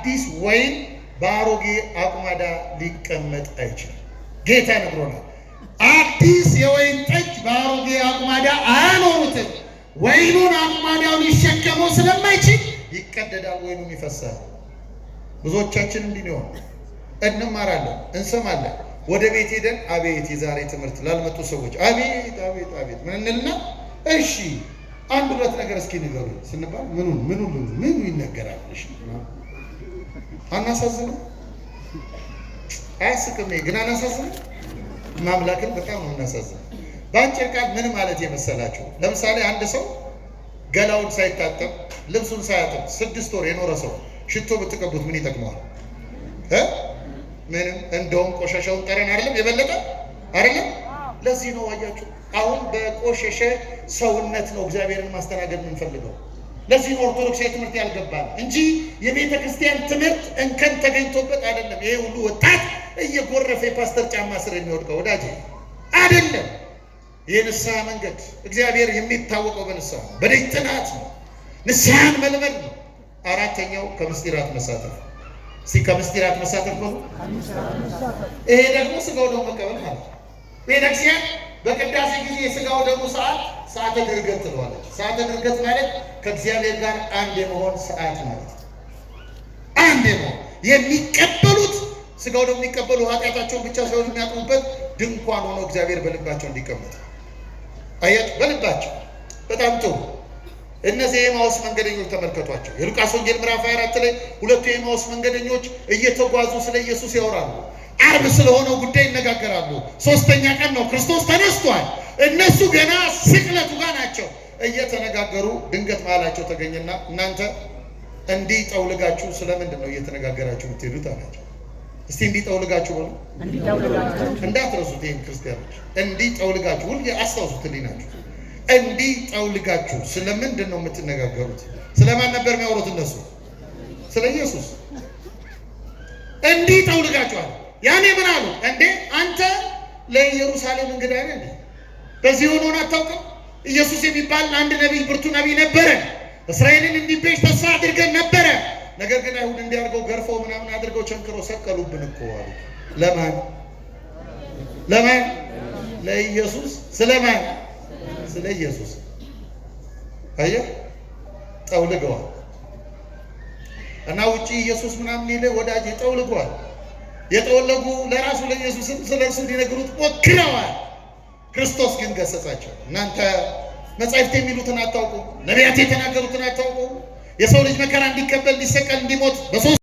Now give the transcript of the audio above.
አዲስ ወይን በአሮጌ አቁማዳ ሊቀመጥ አይችልም። ጌታ ነግሮናል። አዲስ የወይን ጠጅ በአሮጌ አቁማዳ አያኖሩትም። ወይኑን አቁማዳውን ሊሸከመው ስለማይችል ይቀደዳል፣ ወይኑም ይፈሳል። ብዙዎቻችን እንዲህ ነው እንማራለን፣ እንሰማለን። ወደ ቤት ሄደን አቤት የዛሬ ትምህርት ላልመጡ ሰዎች አቤት አቤት አቤት ምን እንልና እሺ አንድ ሁለት ነገር እስኪ ንገሩ ስንባል ምኑን ምኑን ምኑ ይነገራል? እሺ አናሳዝንም? አያስቅም ግን አናሳዝንም? ማምላክን በጣም ነው እናሳዝን። በአጭር ቃል ምን ማለት የመሰላችሁ፣ ለምሳሌ አንድ ሰው ገላውን ሳይታጠብ ልብሱን ሳያጥብ ስድስት ወር የኖረ ሰው ሽቶ ብትቀቡት ምን ይጠቅመዋል? ምንም። እንደውም ቆሻሻውን ጠረን አይደለም የበለጠ አይደለም። ለዚህ ነው አያችሁ፣ አሁን በቆሸሸ ሰውነት ነው እግዚአብሔርን ማስተናገድ የምንፈልገው። ለዚህ ኦርቶዶክሳዊ ትምህርት ያልገባ ነው እንጂ የቤተ ክርስቲያን ትምህርት እንከን ተገኝቶበት አይደለም። ይሄ ሁሉ ወጣት እየጎረፈ የፓስተር ጫማ ስር የሚወድቀው ወዳጅ አይደለም። የንስሐ መንገድ እግዚአብሔር የሚታወቀው በንስሐ በደጅ ጥናት ነው። ንስሐን መልመድ ነው። አራተኛው ከምስጢራት መሳተፍ እስኪ ከምስጢራት መሳተፍ ነው። ይሄ ደግሞ ስጋው ደግሞ መቀበል ማለት ቤተክርስቲያን በቅዳሴ ጊዜ የስጋው ደግሞ ሰዓት ሰዓተ ድርገት ትለዋለች። ሰዓተ ድርገት ማለት ከእግዚአብሔር ጋር አንድ የመሆን ሰዓት ማለት ነው። አንድ የመሆን የሚቀበሉት ስጋው ደግሞ የሚቀበሉ ኃጢአታቸውን ብቻ ሳይሆን የሚያጥሙበት ድንኳን ሆኖ እግዚአብሔር በልባቸው እንዲቀመጥ አያት በልባቸው በጣም ጥሩ። እነዚህ የኤማውስ መንገደኞች ተመልከቷቸው። የሉቃስ ወንጌል ምዕራፍ 24 ላይ ሁለቱ የኤማውስ መንገደኞች እየተጓዙ ስለ ኢየሱስ ያወራሉ። አርብ ስለሆነው ጉዳይ ይነጋገራሉ። ሶስተኛ ቀን ነው። ክርስቶስ ተነስቷል። እነሱ ገና ስቅለቱ ጋር ናቸው እየተነጋገሩ ድንገት መሀላቸው ተገኘና እናንተ እንዲህ ጠውልጋችሁ ስለምንድን ነው እየተነጋገራችሁ የምትሄዱት አላቸው። እስቲ እንዲህ ጠውልጋችሁ በሉ እንዳትረሱት። ይህም ክርስቲያኖች እንዲህ ጠውልጋችሁ ሁል አስታውሱት። እንዲህ ናችሁ። እንዲህ ጠውልጋችሁ ስለምንድን ነው የምትነጋገሩት? ስለማን ነበር የሚያወሩት እነሱ? ስለ ኢየሱስ። እንዲህ ጠውልጋችኋል። ያኔ ምን አሉ እንዴ አንተ ለኢየሩሳሌም እንግዳ ነህ በዚህ ሆኖ አታውቅም። ኢየሱስ የሚባል አንድ ነቢይ ብርቱ ነቢይ ነበረ። እስራኤልን እንዲቤዥ ተስፋ አድርገን ነበረ። ነገር ግን አይሁድ እንዲያርገው ገርፈው ምናምን አድርገው ቸንክረው ሰቀሉብን እኮ አሉ። ለማን ለማን? ለኢየሱስ። ስለማን? ስለ ኢየሱስ። አየህ፣ ጠውልገዋል እና ውጪ ኢየሱስ ምናምን ይልህ ወዳጅ፣ ጠውልገዋል። የጠወለጉ ለራሱ ለኢየሱስም ስለ እርሱ ሊነግሩት ሞክረዋል። ክርስቶስ ግን ገሰጻቸው። እናንተ መጻሕፍት የሚሉትን አታውቁ፣ ነቢያት የተናገሩትን አታውቁ፣ የሰው ልጅ መከራ እንዲቀበል እንዲሰቀል፣ እንዲሞት በሶስት